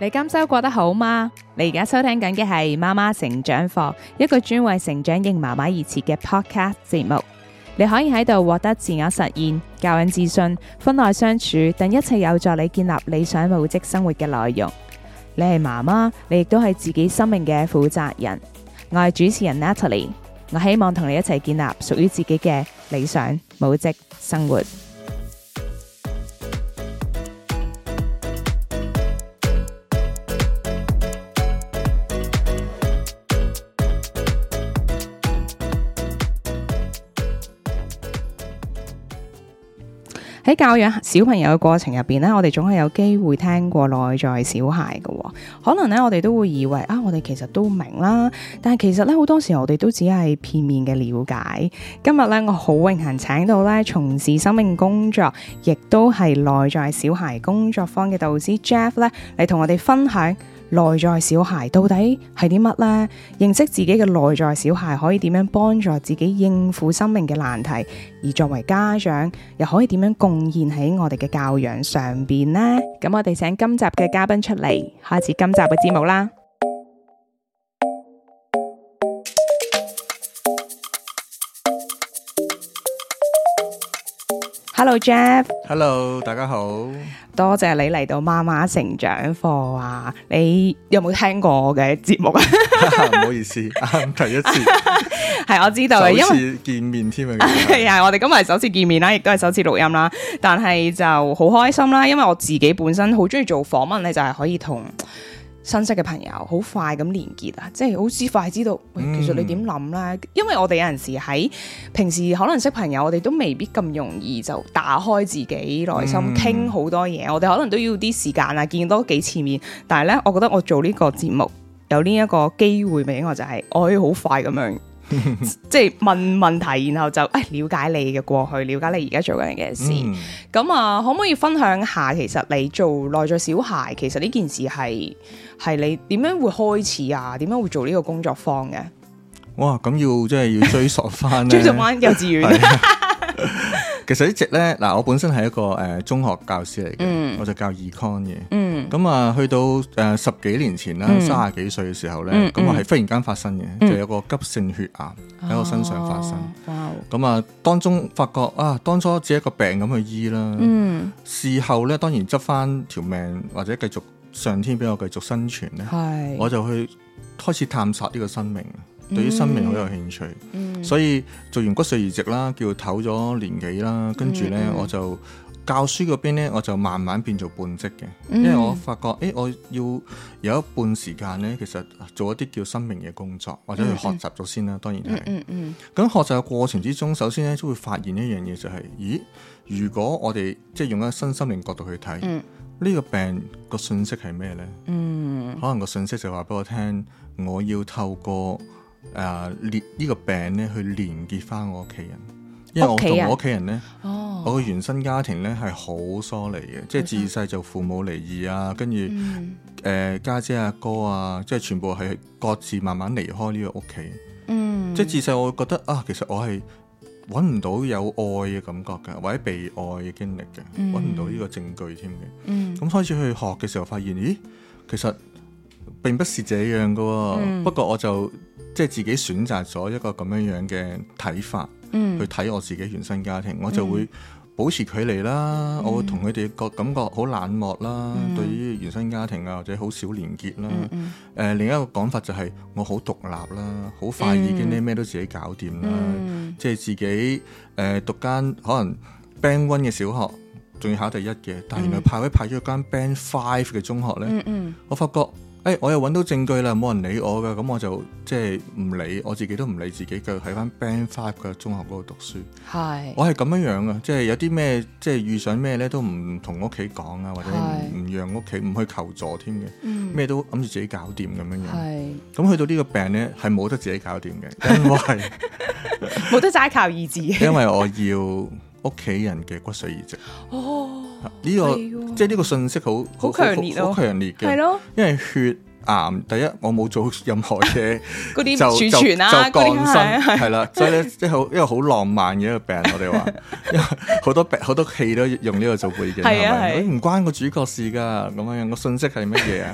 你今周過得好嗎？你而家收聽緊嘅係媽媽成長課，一個專為成長型媽媽而設嘅 podcast 節目。你可以喺度獲得自我實現、教養自信、婚內相處等一切有助你建立理想母職生活嘅內容。你係媽媽，你亦都係自己生命嘅負責人。我係主持人 Natalie，我希望同你一齊建立屬於自己嘅理想母職生活。喺教養小朋友嘅過程入邊咧，我哋總係有機會聽過內在小孩嘅，哦，可能咧我哋都會以為啊，我哋其實都明啦，但係其實咧好多時候我哋都只係片面嘅了解。今日咧我好榮幸請到咧從事生命工作，亦都係內在小孩工作坊嘅導師 Jeff 咧嚟,同我哋分享。內在小孩到底係啲乜呢？認識自己嘅內在小孩可以點樣幫助自己應付生命嘅難題？而作為家長又可以點樣貢獻喺我哋嘅教養上邊呢？咁 我哋請今集嘅嘉賓出嚟，開始今集嘅節目啦！Hello Jeff，Hello 大家好。多謝你嚟到媽媽成長課啊！你有冇聽過我嘅節目啊？唔 好意思， 第一次係 我知道，首次見面添啊！係啊，我哋今日係首次見面啦，亦都係首次錄音啦，但係就好開心啦，因為我自己本身好中意做訪問咧，就係、是、可以同。新識嘅朋友好快咁連結啊，即係好似快知道，喂其實你點諗啦。嗯、因為我哋有陣時喺平時可能識朋友，我哋都未必咁容易就打開自己內心傾好、嗯、多嘢，我哋可能都要啲時間啊，見多幾次面。但係呢，我覺得我做呢個節目有呢一個機會畀我就係、是、我可以好快咁樣。 即係問問題，然後就誒、哎、了解你嘅過去，了解你而家做緊嘅事。咁啊、嗯，可唔可以分享下？其實你做內在小孩，其實呢件事係係你點樣會開始啊？點樣會做呢個工作坊嘅？哇！咁要即係要追溯翻， 追溯翻幼稚園。 其實一直咧，嗱，我本身係一個誒、呃、中學教師嚟嘅，嗯、我就教 Econ 嘅。咁啊、嗯，去到誒、呃、十幾年前啦，嗯、三十幾歲嘅時候咧，咁啊係忽然間發生嘅，嗯、就有個急性血癌喺我身上發生。咁啊、哦，當中發覺啊，當初只係一個病咁去醫啦。嗯、事後咧，當然執翻條命或者繼續上天俾我繼續生存咧。係是，我就去開始探索呢個生命。對於生命好有興趣，嗯、所以做完骨髓移植啦，叫唞咗年幾啦，跟住呢，我就教書嗰邊呢，我就慢慢變做半職嘅，嗯、因為我發覺，誒我要有一半時間呢，其實做一啲叫生命嘅工作，或者去學習咗先啦。當然係，咁、嗯嗯嗯嗯、學習嘅過程之中，首先呢，都會發現一樣嘢就係、是，咦，如果我哋即係用一個新心靈角度去睇呢、嗯、個病個信息係咩呢？嗯、可能個信息就話俾我聽，我要透過。誒，呢、uh, 個病咧去連結翻我屋企人，因為我同我屋企人咧，啊 oh. 我個原生家庭咧係好疏離嘅，即係自細就父母離異啊，跟住誒家姐阿哥啊，即係全部係各自慢慢離開呢個屋企，嗯，即係自細我會覺得啊，其實我係搵唔到有愛嘅感覺噶，或者被愛嘅經歷嘅，搵唔到呢個證據添嘅，咁、嗯、開始去學嘅時候，發現咦，其實並不是這樣噶，嗯、不過我就。即係自己選擇咗一個咁樣樣嘅睇法，嗯、去睇我自己原生家庭，嗯、我就會保持距離啦。嗯、我會同佢哋個感覺好冷漠啦，嗯、對於原生家庭啊或者好少連結啦。誒、嗯嗯呃、另一個講法就係我好獨立啦，好快已經啲咩都自己搞掂啦。嗯嗯、即係自己誒、呃、讀間可能 Band One 嘅小學，仲要考第一嘅，但係原來派位派咗間 Band Five 嘅中學咧、嗯，我發覺。誒、哎，我又揾到證據啦，冇人理我噶，咁我就即係唔理，我自己都唔理自己，腳喺翻 Band Five 嘅中學嗰度讀書。係是，我係咁樣樣啊，即係有啲咩，即係遇上咩咧，都唔同屋企講啊，或者唔讓屋企，唔去求助添嘅，咩都諗住自己搞掂咁樣樣。係、嗯。咁去到呢個病咧，係冇得自己搞掂嘅，因為冇得齋靠意志。 因為我要屋企人嘅骨髓移植。哦。呢、這個。即係呢個信息好好強烈，好強烈嘅，係咯。因為血癌第一，我冇做任何嘢，嗰啲儲存啊，降生係啦。所以咧，即係好，因為好浪漫嘅一個病，我哋話好多病，好多戲都用呢個做背景，係唔關個主角的事噶。咁樣樣個信息係乜嘢啊？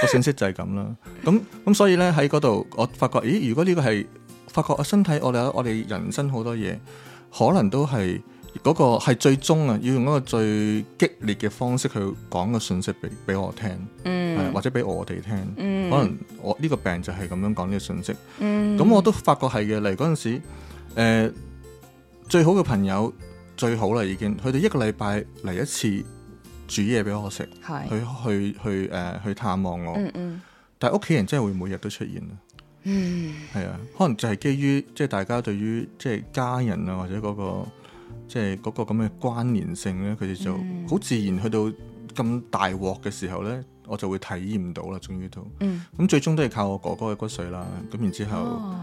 個信 息就係咁啦。咁咁所以咧喺嗰度，我發覺，咦？如果呢個係發覺個身體，我哋我哋人生好多嘢，可能都係。嗰個係最終啊，要用一個最激烈嘅方式去講個信息俾俾我聽，嗯呃、或者俾我哋聽。嗯、可能我呢、呢個病就係咁樣講呢個信息。咁、嗯、我都發覺係嘅嚟嗰陣時、呃，最好嘅朋友最好啦已經，佢哋一個禮拜嚟一次煮嘢俾我食是，去去去誒、呃、去探望我。嗯嗯、但係屋企人真係會每日都出現。係、嗯、啊，可能就係基於即係、即係、大家對於即係、即係、家人啊或者嗰、嗰個。即係嗰個咁嘅關聯性咧，佢哋就好自然去到咁大鑊嘅時候咧，我就會體驗到啦，終於、嗯、都。咁最終都係靠我哥哥嘅骨髓啦。咁然之後、哦、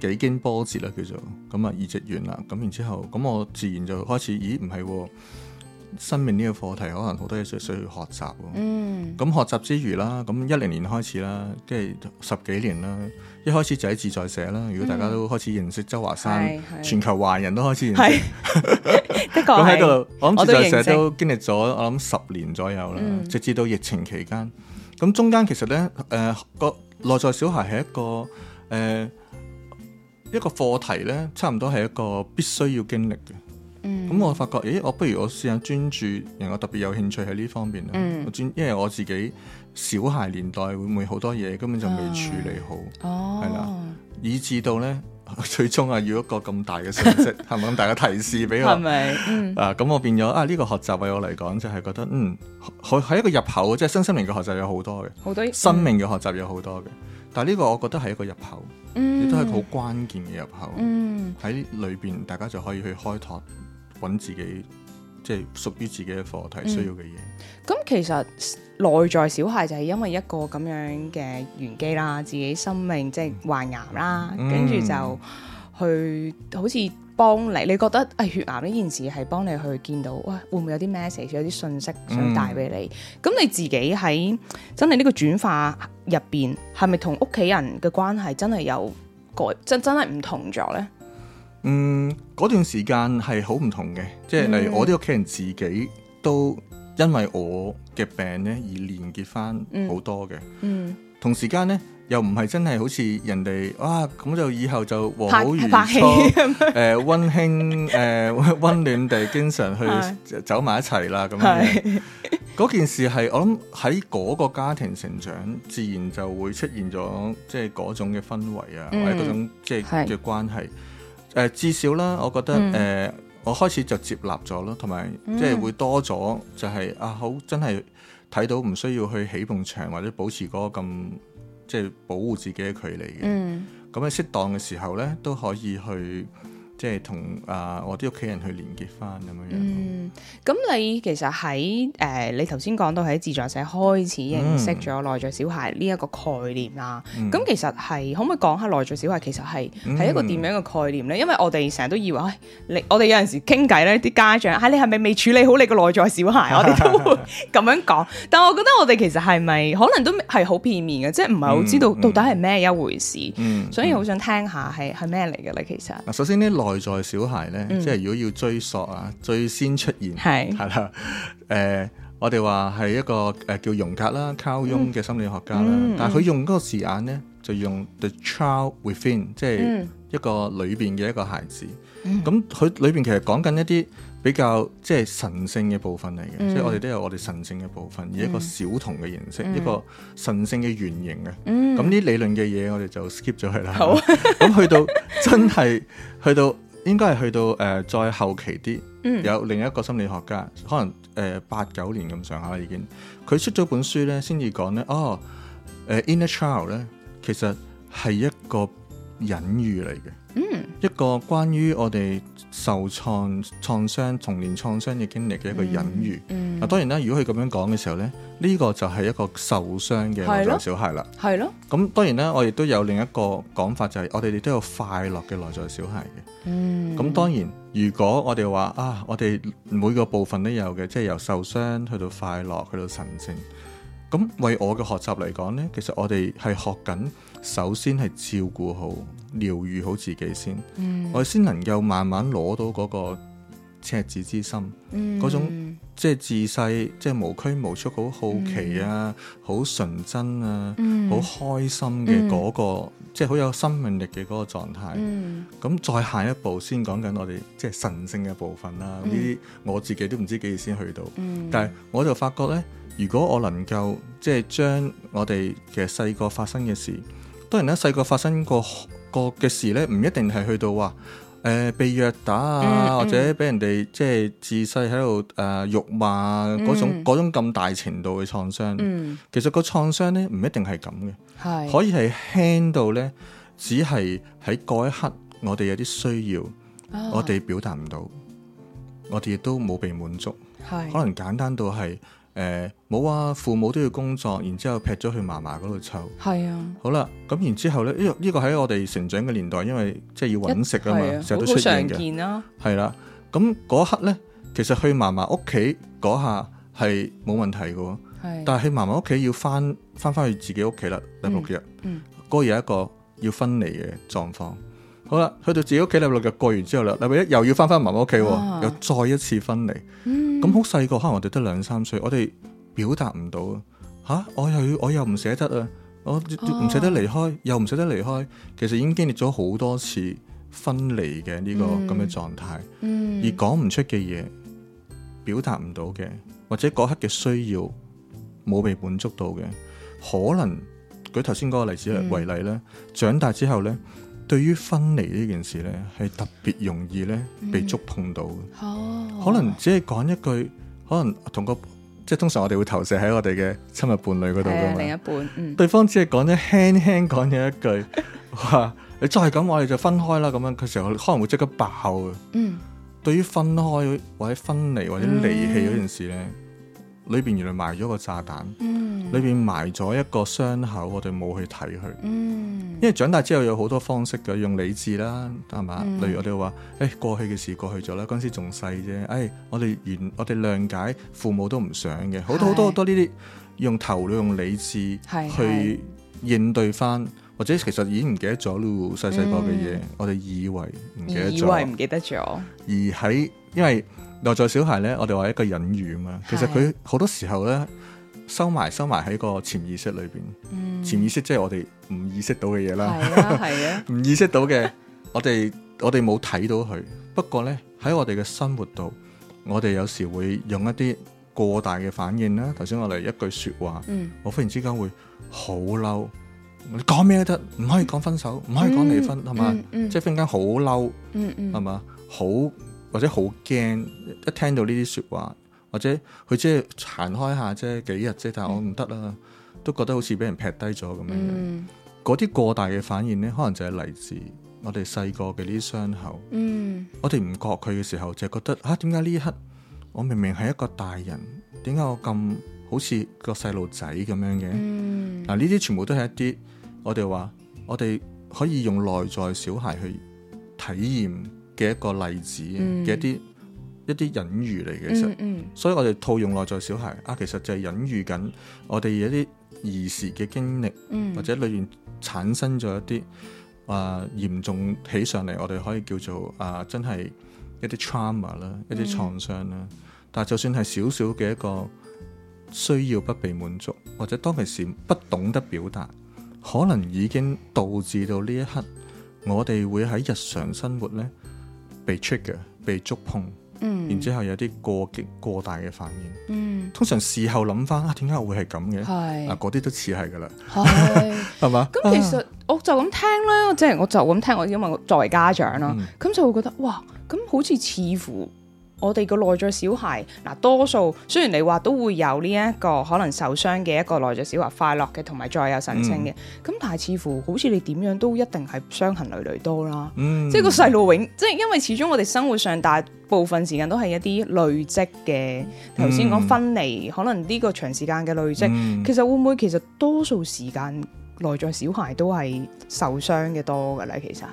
幾經波折啦，叫做咁啊移植完啦。咁然之後，咁我自然就開始，咦唔係喎？生命呢個課題可能好多嘢需需要學習喎、啊。咁、嗯、學習之餘啦，咁一零年開始啦，即係十幾年啦。一開始就喺自在社啦，如果大家都開始認識周華山，嗯、全球華人都開始認識，佢喺度，是我諗自在社都經歷咗我諗十年左右啦，嗯、直至到疫情期間，咁中間其實呢，誒個內在小孩係一個誒、呃、一個課題呢，差唔多係一個必須要經歷嘅。咁、嗯、我發覺，咦，我不如我試下專注，令我特別有興趣喺呢方面。嗯，我專，因為我自己小孩年代會唔會好多嘢根本就未處理好，嗯、哦，係啦，以致到咧，最終啊要一個咁大嘅信息，係咪咁大嘅提示俾我？係咪、嗯啊？啊，咁我變咗啊，呢個學習為我嚟講就係覺得，嗯，佢係一個入口，即係身心靈嘅學習有好多嘅，好多、嗯、生命嘅學習有好多嘅，但係呢個我覺得係一個入口，嗯、亦都係好關鍵嘅入口，喺裏邊大家就可以去開拓。揾自己即係屬於自己嘅課題需要嘅嘢。咁、嗯、其實內在小孩就係因為一個咁樣嘅原機啦，自己生命即係患癌啦，跟住、嗯、就去好似幫你。你覺得誒，血癌呢件事係幫你去見到，哇、哎，會唔會有啲 message，有啲信息想帶俾你？咁、嗯、你自己喺真係呢個轉化入邊，係咪同屋企人嘅關係真係有改？真真係唔同咗咧？嗯，嗰段時間係好唔同嘅，即係例如我啲屋企人自己都因為我嘅病咧而連結返好多嘅，嗯嗯、同時間咧又唔係真係好似人哋啊。咁就以後就和好如初，誒溫發氣、呃、馨誒溫、 呃、暖地經常去走埋一齊啦咁樣。嗰是件事係我諗喺嗰個家庭成長，自然就會出現咗即係嗰種嘅氛圍啊，或者嗰種即係嘅關係。誒、呃、至少啦，我覺得誒、嗯呃、我開始就接納咗咯，同埋即係會多咗就係、是嗯、啊，好真係睇到唔需要去起埲牆或者保持嗰個咁即係保護自己嘅距離嘅。咁喺、嗯、適當嘅時候咧，都可以去。即係同啊我啲屋企人去連結翻咁樣樣。嗯，咁你其實喺誒、呃、你頭先講到喺自助社開始認識咗內在小孩呢一個概念啦。咁、嗯、其實係可唔可以講下內在小孩其實係係、嗯、一個點樣嘅概念咧？因為我哋成日都以為，哎、你我哋有陣時傾偈咧，啲家長吓、哎、你係咪未處理好你個內在小孩？ 我哋都會咁樣講。但我覺得我哋其實係咪可能都係好片面嘅，即係唔係好知道到底係咩一回事？嗯嗯嗯嗯、所以好想聽下係係咩嚟嘅咧。其實，嗱首先咧外在小孩咧，嗯、即係如果要追索啊，最先出現係係啦。誒是、呃，我哋話係一個誒、呃、叫榮格啦、卡擁嘅心理學家啦，嗯嗯、但係佢用嗰個字眼咧，就用 the child within，即係一個裏邊嘅一個孩子。咁佢裏邊其實講緊一啲。比較即係神聖嘅部分嚟嘅，嗯、即係我哋都有我哋神聖嘅部分，以一個小童嘅形式，嗯、一個神聖嘅原型嘅。咁呢、嗯、理論嘅嘢，我哋就 skip 咗佢啦。好，咁 去到真係去到，應該係去到誒、呃、再後期啲，嗯、有另一個心理學家，可能誒、呃、八九年咁上下啦已經，佢出咗本書咧，先至講咧，哦，誒 inner child 咧，其實係一個隱喻嚟嘅，嗯、一個關於我哋。受創創傷童年創傷嘅經歷嘅一個隱喻。嗯，嗱、嗯、當然啦，如果佢咁樣講嘅時候咧，呢、呢個就係一個受傷嘅內在小孩啦。係咯。咁當然咧，我亦都有另一個講法，就係我哋亦都有快樂嘅內在小孩嘅。嗯。咁當然，如果我哋話啊，我哋每個部分都有嘅，即係由受傷去到快樂，去到神聖。咁為我嘅學習嚟講咧，其實我哋係學緊，首先係照顧好、療愈好自己先，嗯、我哋先能夠慢慢攞到嗰個赤子之心，嗰、嗯、種即係、就是、自細即係無拘無束、好好奇啊、好純、嗯、真啊、好、嗯、開心嘅嗰、那個，即係好有生命力嘅嗰個狀態。咁、嗯、再下一步先講緊我哋即係神聖嘅部分啦、啊。呢啲、嗯、我自己都唔知幾時先去到，嗯、但係我就發覺咧。嗯如果我能夠即係、就是、將我哋嘅實細個發生嘅事，當然啦，細個發生過過嘅事呢，唔一定係去到話誒、呃、被虐打啊，嗯、或者俾人哋、嗯、即係自細喺度誒辱罵嗰、嗯、種咁大程度嘅創傷。嗯、其實個創傷呢，唔一定係咁嘅，係是可以係輕到呢，只係喺嗰一刻我哋有啲需要，啊、我哋表達唔到，我哋亦都冇被滿足，可能簡單到係。誒，冇、欸、啊，父母都要工作，然之後劈咗去嫲嫲嗰度湊。係啊。好啦，咁然之後咧，呢、這、呢個喺、這個、我哋成長嘅年代，因為即係要揾食啊嘛，成日、啊、都出現嘅。係、啊、啦。咁嗰刻咧，其實去嫲嫲屋企嗰下係冇問題嘅，是但係去嫲嫲屋企要翻翻翻去自己屋企啦，禮六日、嗯。嗯。嗰一個要分離嘅狀況。好啦，去到自己屋企禮六日過完之後啦，禮拜一又要翻翻嫲嫲屋企，啊、又再一次分離。啊嗯咁好細個，可能我哋得兩三歲，我哋表達唔到啊！吓，我又我又唔捨得啊！我唔捨得離開，哦、又唔捨得離開。其實已經經歷咗好多次分離嘅呢個咁嘅狀態，而講唔出嘅嘢，表達唔到嘅，或者嗰一刻嘅需要冇被滿足到嘅，可能舉頭先嗰個例子為例咧，嗯、長大之後咧。對於分離呢件事咧，係特別容易咧被觸碰到嘅。哦、嗯，oh. 可能只係講一句，可能同個即係通常我哋會投射喺我哋嘅親密伴侶嗰度嘅嘛。Yeah, 另一半，嗯，對方只係講咗輕輕講咗一句，哇 你再係咁我哋就分開啦，咁樣佢時候，可能會即刻爆嘅。嗯，對於分開或者分離或者離棄嗰件事咧。嗯裏邊原來埋咗個炸彈，裏邊、嗯、埋咗一個傷口，我哋冇去睇佢，嗯、因為長大之後有好多方式嘅，用理智啦，係嘛？嗯、例如我哋話，誒、欸、過去嘅事過去咗啦，嗰陣時仲細啫，誒、欸、我哋原我哋諒解父母都唔想嘅，好是多好多好多呢啲用頭腦用理智去，去應對翻，或者其實已經唔記得咗呢個細細個嘅嘢，我哋以為唔記得咗，以為唔記得咗而喺因為。內在小孩咧，我哋話一個隱喻啊嘛，其實佢好多時候咧，收埋收埋喺個潛意識裏邊，潛意識即係我哋唔意識到嘅嘢啦，係啊係啊，唔意識到嘅，我哋我哋冇睇到佢，不過咧喺我哋嘅生活度，我哋有時會用一啲過大嘅反應啦。頭先我嚟一句說話，我忽然之間會好嬲。嗯、你講咩都得，唔可以講分手，唔可以講離婚，係嘛、嗯？即係忽然間好嬲，係嘛？好、嗯嗯。或者好驚，一聽到呢啲説話，或者佢即係行開下啫，幾日啫，但係我唔得啦，嗯、都覺得好似俾人劈低咗咁樣。嗰啲、嗯、過大嘅反應咧，可能就係嚟自我哋細個嘅呢啲傷口。嗯、我哋唔覺佢嘅時候，就係、覺得啊，點解呢刻我明明係一個大人，點解我咁好似個細路仔咁樣嘅？嗱、嗯，呢啲、啊、全部都係一啲我哋話，我哋可以用內在小孩去體驗。嘅一個例子嘅、嗯、一啲一啲隱喻嚟嘅，其實、嗯嗯、所以我哋套用內在小孩啊，其實就係隱喻緊我哋一啲兒時嘅經歷，嗯、或者裏面產生咗一啲啊、呃、嚴重起上嚟，我哋可以叫做啊、呃、真係一啲 trauma 啦，一啲創傷啦。嗯、但係就算係少少嘅一個需要不被滿足，或者當其時不懂得表達，可能已經導致到呢一刻，我哋會喺日常生活咧。被 check 嘅，被觸碰，嗯，然之後有啲過激過大嘅反應，嗯，通常事後諗返啊，點解會係咁嘅？係嗱是，嗰啲、啊、都似係㗎啦，係，係嘛？咁其實、啊、我就咁聽啦，即、就、係、是、我就咁聽，我因為我作為家長啦，咁、嗯、就會覺得哇，咁好似似乎……」我哋個內在小孩嗱，多數雖然你話都會有呢、這、一個可能受傷嘅一個內在小孩快樂嘅，同埋再有神聖嘅，咁、嗯、但係似乎好似你點樣都一定係傷痕累累多啦。嗯、即係個細路永，即係因為始終我哋生活上大部分時間都係一啲累積嘅。頭先講分離，嗯、可能呢個長時間嘅累積，嗯、其實會唔會其實多數時間內在小孩都係受傷嘅多㗎咧？其實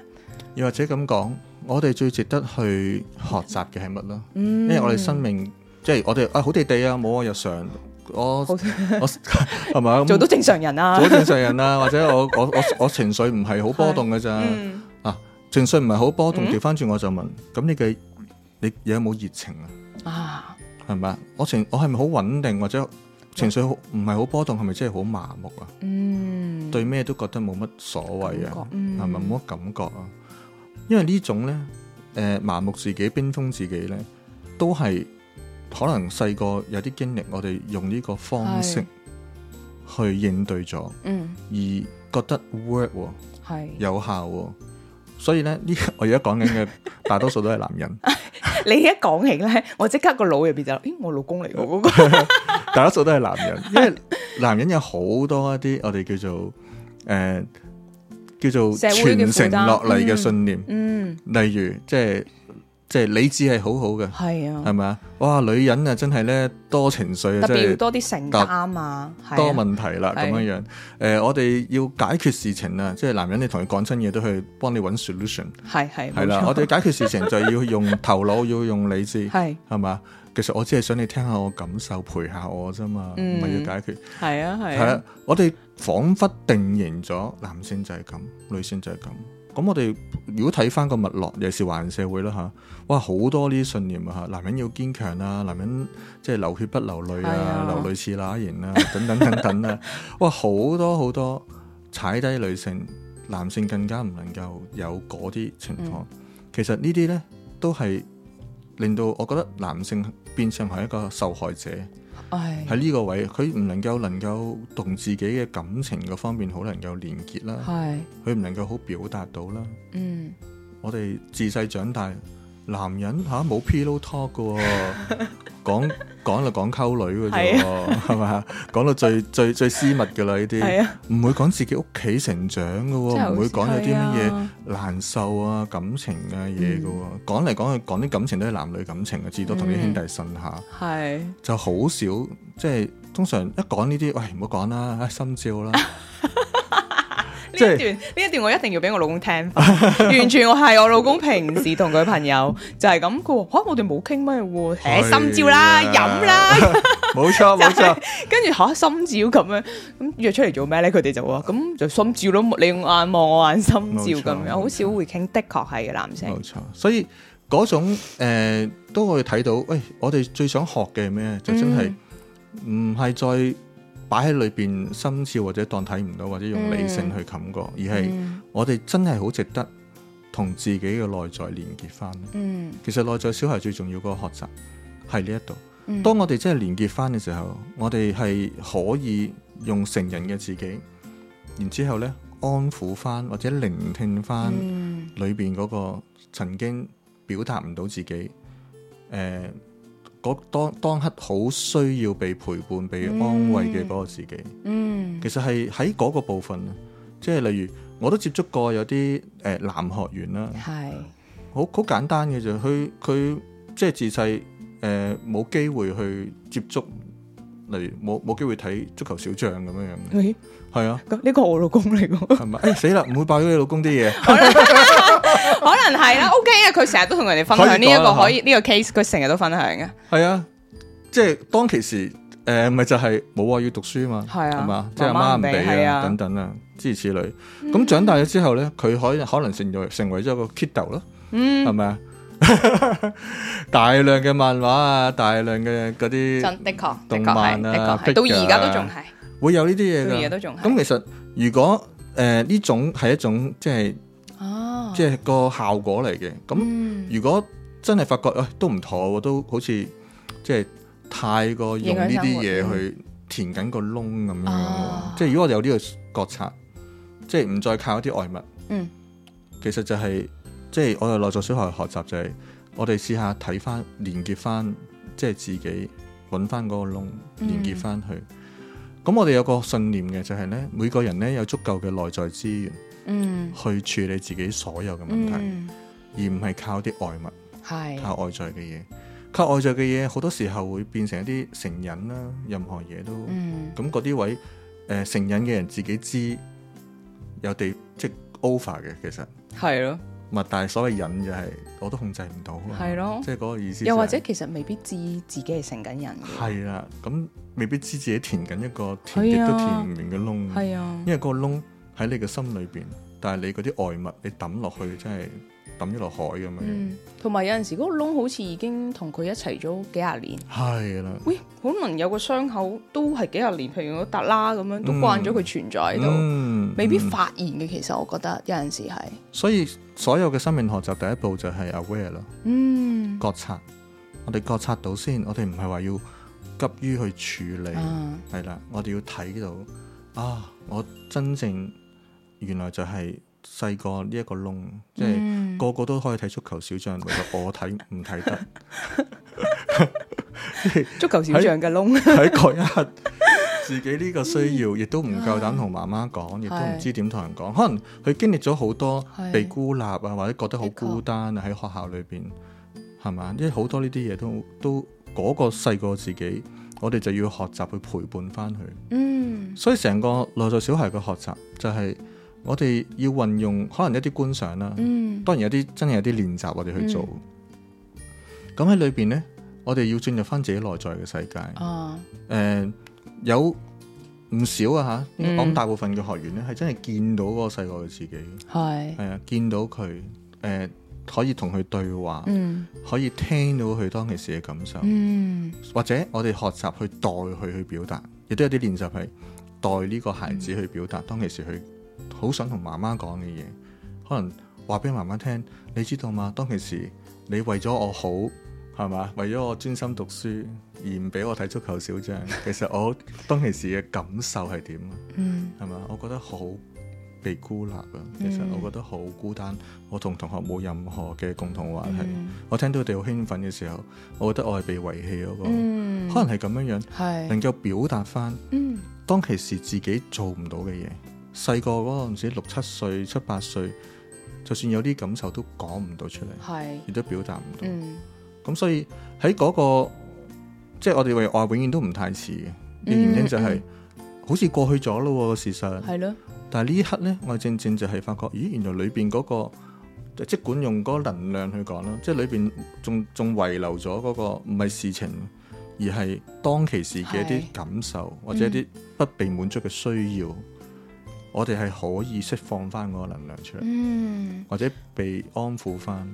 又或者咁講。我哋最值得去學習嘅係乜咯？因為我哋生命、嗯、即係我哋啊、哎、好地地啊，冇我日常我的我係咪 是做到正常人啊？做到正常人啊？ 或者我我我我情緒唔係好波動嘅咋？嗯、啊情緒唔係好波動，調翻轉我就問：咁、嗯、你嘅你有冇熱情啊？啊係咪啊？我情我係咪好穩定，或者情緒唔係好波動，係咪真係好麻木啊？嗯，對咩都覺得冇乜所謂啊？係咪冇乜感覺啊？因為種呢種咧，誒、呃，麻木自己冰封自己咧，都係可能細個有啲經歷，我哋用呢個方式去應對咗，嗯，而覺得 work 係、哦、是有效、哦，所以咧呢，我而家講緊嘅大多數都係男人。 你一講起咧，我即刻個腦入邊就，咦，我老公嚟嘅個， 大多數都係男人，因為男人有好多一啲我哋叫做誒。呃叫做傳承落嚟嘅信念，例如即係即係理智係好好嘅，係啊，係咪啊？哇，女人啊真係咧多情緒，特別多啲承擔啊，多問題啦咁樣樣。誒，我哋要解決事情啊，即係男人你同佢講真嘢，都去幫你揾 solution。係係係啦，我哋解決事情就係要用頭腦，要用理智，係係嘛。其實我只係想你聽下我感受，陪下我啫嘛，唔係、嗯、要解決。係啊，係啊。係啊，啊，我哋仿佛定型咗男性就係咁，女性就係咁。咁我哋如果睇翻個脈絡，尤其是華人社會啦吓，啊，哇好多呢啲信念啊吓，男人要堅強啊，男人即係流血不流淚啊，哎、呀流淚似乸型啊，等等等等 啊，哇好多好多踩低女性，男性更加唔能夠有嗰啲情況。嗯、其實呢啲呢，都係令到我覺得男性。變成係一個受害者，喺呢 個位佢唔能夠能夠同自己嘅感情嘅方面好能夠連結啦，佢唔 能夠好表達到啦。嗯， 我哋自細長大，男人吓冇、啊、pillow talk 㗎、哦。 講講就講溝女嘅啫，係咪？講到最最最私密嘅啦呢啲，唔會講自己屋企成長嘅，唔會講有啲乜嘢難受啊、感情啊嘢嘅，講嚟講去講啲感情都係男女感情啊，至多同啲兄弟呻下，係就好少，即係通常一講呢啲，喂，唔好講啦，心照啦。呢一段呢是一段我一定要俾我老公聽， 完全我係我老公平時同佢朋友就係咁嘅，吓、啊、我哋冇傾咩，誒心的照啦，飲啦，冇錯冇錯，跟住吓心照咁樣，咁約出嚟做咩咧？佢哋就話咁就心照咯，你用眼望我眼，心照咁樣，好錯少會傾，的確係嘅男性錯，冇錯錯，所以嗰種誒、呃、都會睇到，喂、哎，我哋最想學嘅係咩，就真係唔係再。嗯擺喺裏邊深切，或者當睇唔到，或者用理性去冚過，而係我哋真係好值得同自己嘅內在連結翻。嗯，mm. 其實內在小孩最重要個學習係呢一度。當我哋真係連結翻嘅時候，我哋係可以用成人嘅自己，然之後咧，安撫翻或者聆聽翻裏邊嗰個曾經表達唔到自己誒。Mm. 呃嗰當，當刻好需要被陪伴、被安慰嘅嗰個自己，嗯嗯、其實係喺嗰個部分，即係例如我都接觸過有啲誒、呃、男學員啦，係好好簡單嘅，就佢佢即係自細誒冇機會去接觸。例如冇冇機會睇足球小將咁樣樣，係啊，呢個我老公嚟噶，係咪？哎死啦，唔會爆咗你老公啲嘢，可能係啦。O K 啊，佢成日都同人哋分享呢一個可以呢個 case，佢成日都分享嘅。係啊，即係當其時，誒，咪就係冇話要讀書嘛，係啊，係嘛，即係阿媽唔俾啊，等等啊，諸如此類。咁長大咗之後咧，佢可可能成為成為咗個 kidder 咯，係咪？ 大量嘅漫畫啊，大量嘅嗰啲真的確、動漫啊，的確係，的確係，的到而家都仲係會有呢啲嘢嘅，都仲係。咁其實如果誒呢、呃、種係一種即係哦，即係個效果嚟嘅。咁、嗯、如果真係發覺誒、哎、都唔妥，都好似即係太過用呢啲嘢去填緊個窿咁樣。嗯哦、即係如果我哋有呢個覺察，即係唔再靠一啲外物，嗯，其實就係、是。即係我哋內在小孩嘅學習就係、是、我哋試下睇翻連結翻，即係自己揾翻嗰個窿連結翻去。咁、嗯、我哋有個信念嘅就係咧，每個人咧有足夠嘅內在資源，嗯，去處理自己所有嘅問題，嗯、而唔係靠啲外物，係是靠外在嘅嘢，靠外在嘅嘢好多時候會變成一啲成癮啦。任何嘢都，嗯，咁嗰啲位誒、呃、成癮嘅人自己知有地即係 over 嘅，其實係咯。咪但係所謂忍就係、是、我都控制唔到、啊，係咯，即係嗰個意思、就是。又或者其實未必知自己係成緊人，係啊，咁未必知自己填緊一個填極、啊、都填唔完嘅窿，係啊，因為嗰個窿喺你嘅心裏面，但係你嗰啲外物你抌落去真係，冧咗落海咁樣，同埋、嗯、有陣時個窿好似已經同佢一齊咗幾廿年，係啦的。喂、哎，可能有個傷口都係幾廿年，譬如我嗒啦咁樣，嗯、都慣咗佢存在喺度，嗯、未必發現嘅。嗯、其實我覺得有陣時係。所以所有嘅生命學習第一步就係 Aware 咯，嗯，覺察。我哋覺察到先，我哋唔係話要急於去處理，係啦、嗯。我哋要睇到啊，我真正原來就係、是。細個呢一個窿，即係、嗯、個個都可以睇足球小將，其實我睇唔睇得， 足球小將嘅窿。喺 佢一刻，自己呢個需要，亦都唔夠膽同媽媽講，亦、嗯、都唔知點同人講。是可能佢經歷咗好多被孤立啊，是或者覺得好孤單啊，喺實學校裏邊係嘛？因為好多呢啲嘢都都嗰個細個自己，我哋就要學習去陪伴翻佢。嗯，所以成個內在小孩嘅學習就係、是。嗯嗯我哋要運用可能一啲觀想啦、啊，嗯、當然有啲真係有啲練習我、嗯，我哋去做咁喺裏邊咧。我哋要進入翻自己內在嘅世界，誒、哦呃、有唔少啊嚇。嗯、我諗大部分嘅學員咧係真係見到嗰個細個嘅自己，係係啊，見到佢誒、呃、可以同佢對話，嗯、可以聽到佢當其時嘅感受，嗯、或者我哋學習去代佢去表達，亦都有啲練習係代呢個孩子去表達、嗯、當其時去。好想同媽媽講嘅嘢，可能話俾媽媽聽。你知道嘛？當其時你為咗我好係嘛？為咗我專心讀書而唔俾我睇足球小將， 其實我當其時嘅感受係點？嗯，係嘛？我覺得好被孤立。其實我覺得好孤單，我同同學冇任何嘅共同話題。嗯，我聽到佢哋好興奮嘅時候，我覺得我係被遺棄嗰個。嗯，可能係咁樣樣。係是能夠表達翻。嗯，當其時自己做唔到嘅嘢。細個嗰陣時，六七歲、七八歲，就算有啲感受都講唔到出嚟，亦都表達唔到。咁所以喺嗰個，即係我哋話永遠都唔太遲嘅原因，就係好似過去咗咯。事實係咯，但係呢一刻咧，我正正就係發覺，咦，原來裏邊嗰個即管用嗰個能量去講啦，即係裏邊仲仲遺留咗嗰個唔係事情，而係當其時嘅一啲感受或者一啲不被滿足嘅需要。我哋係可以釋放翻嗰個能量出嚟，嗯、或者被安撫翻。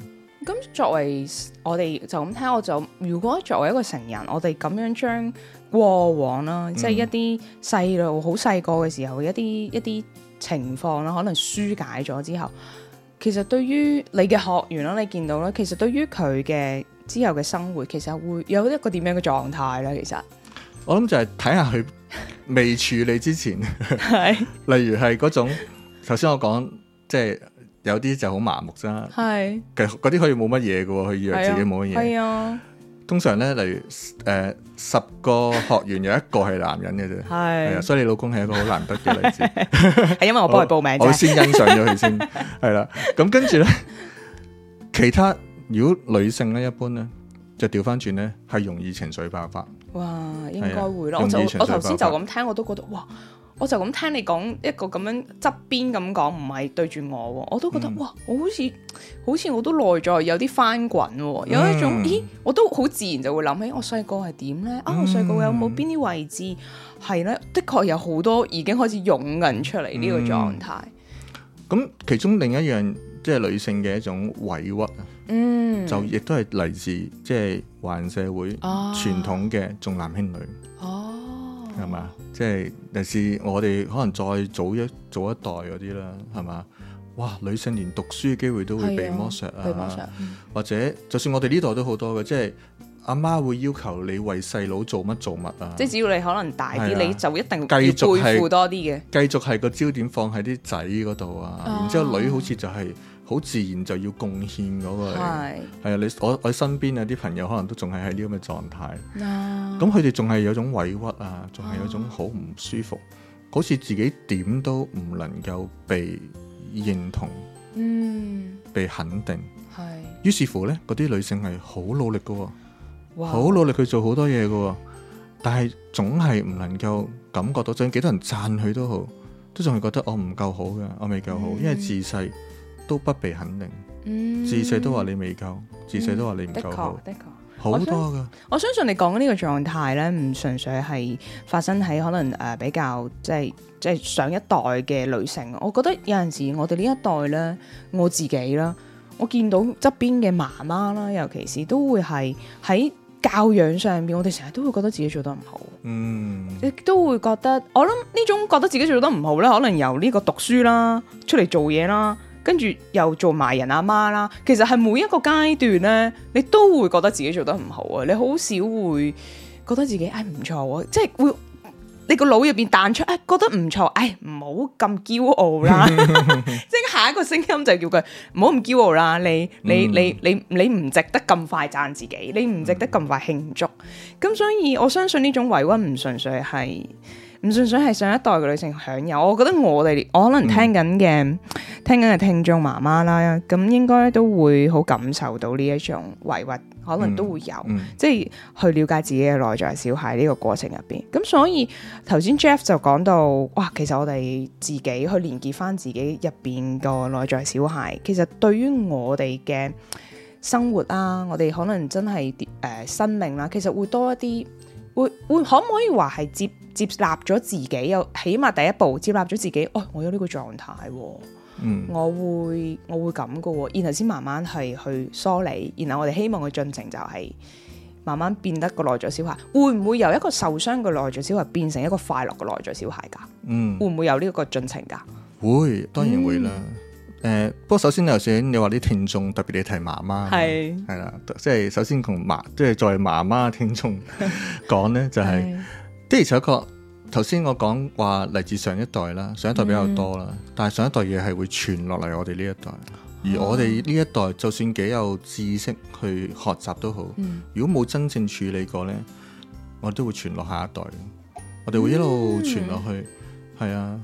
咁作為我哋就咁聽，我就如果作為一個成人，我哋咁樣將過往啦、啊、嗯、即係一啲細路好細個嘅時候一啲一啲情況啦，可能紓解咗之後，其實對於你嘅學員啦，你見到啦，其實對於佢嘅之後嘅生活，其實會有一個點樣嘅狀態咧？其實。我諗就係睇下佢未處理之前， 例如係嗰種，頭先我講，即係有啲就好麻木啫。係， 其實嗰啲可以冇乜嘢噶，佢以為自己冇乜嘢。係啊，通常咧，例如誒、呃，十個學員有 一個係男人嘅啫，係， 所以你老公係一個好難得嘅例子，係因為我幫佢報名 我，我先欣賞咗佢先，係 啦。 咁跟住咧，其他如果女性咧，一般咧就調翻轉咧，係容易情緒爆發。哇，應該會咯！我就我頭先就咁聽，我都覺得哇！我就咁聽你講一個咁樣側邊咁講，唔係對住我喎、哦，我都覺得、嗯、哇！我好似好似我都內在有啲翻滾、哦，嗯、有一種咦，我都好自然就會諗起我細個係點呢？嗯、啊，我細個有冇邊啲位置係呢，嗯、的確有好多已經開始湧緊出嚟呢個狀態。咁、嗯、其中另一樣。即係女性嘅一種委屈啊！嗯，就亦都係嚟自即係、就是、華人社會傳統嘅重男輕女。哦，係嘛？即係尤其是我哋可能再早一早一代嗰啲啦，係嘛？哇！女性連讀書嘅機會都會被剝削啊，啊！被剝削、嗯、或者就算我哋呢代都好多嘅，即係。阿媽會要求你為細佬做乜做乜啊，即係只要你可能大啲，啊、你就一定繼續係背負多啲嘅。繼續係個焦點放喺啲仔嗰度啊，啊，然之後女好似就係好自然就要貢獻嗰個。係是啊，你我我身邊有啲朋友可能都仲係喺呢咁嘅狀態。啊！咁佢哋仲係有種委屈啊，仲係有種好唔舒服，好似自己點都唔能夠被認同，嗯，被肯定。係是。於是乎咧，嗰啲女性係好努力嘅喎。好哇努力去做好多嘢嘅、哦，但係總係唔能夠感覺到，即使幾多人讚佢都好，都仲係覺得我唔夠好嘅，我未夠好，嗯、因為自細都不被肯定，嗯、自細都話你未夠，嗯、自細都話你唔夠好，好、嗯、多噶。我相信你講嘅呢個狀態咧，唔純粹係發生喺可能誒比較即係即係上一代嘅女性。我覺得有陣時我哋呢一代咧，我自己啦，我見到側邊嘅媽媽啦，尤其是都會係喺。教養上邊，我哋成日都會覺得自己做得唔好，嗯，你都會覺得，我諗呢種覺得自己做得唔好咧，可能由呢個讀書啦，出嚟做嘢啦，跟住又做埋人阿媽啦，其實係每一個階段咧，你都會覺得自己做得唔好啊，你好少會覺得自己誒唔錯，即係會。你個腦入邊彈出，誒、哎、覺得唔錯，誒唔好咁驕傲啦， 即係下一個聲音就叫佢唔好咁驕傲啦。你你、嗯、你你你唔值得咁快讚自己，你唔值得咁快慶祝。咁所以我相信呢種委屈唔純粹係唔純粹係上一代嘅女性享有。我覺得我哋我可能聽緊嘅、嗯、聽緊嘅聽眾媽媽啦，咁應該都會好感受到呢一種委屈。可能都會有，嗯、即係去了解自己嘅內在小孩呢個過程入邊。咁所以頭先 Jeff 就講到，哇，其實我哋自己去連結翻自己入邊個內在小孩，其實對於我哋嘅生活啦、啊，我哋可能真係誒、呃、生命啦、啊，其實會多一啲，會會可唔可以話係接接納咗自己？又起碼第一步接納咗自己，哦，我有呢個狀態喎。嗯、我會我會咁噶喎，然後先慢慢係去，去梳理，然後我哋希望嘅進程就係慢慢變得個內在小孩，會唔會由一個受傷嘅內在小孩變成一個快樂嘅內在小孩噶？嗯，會唔會有呢個進程噶？會，當然會啦。誒、嗯，不過、呃、首先頭先你話啲聽眾，特別你提媽媽係係啦，即係是、就是、首先同媽，即、就、係、是、作為媽媽嘅聽眾講咧， 就係即係首先頭先我講話嚟自上一代啦，上一代比較多啦，mm hmm. 但係上一代嘢係會傳落嚟我哋呢一代，啊、而我哋呢一代就算幾有知識去學習都好，mm hmm. 如果冇真正處理過呢，我都會傳落下一代，我哋會一路傳落去，係、mm hmm. 啊，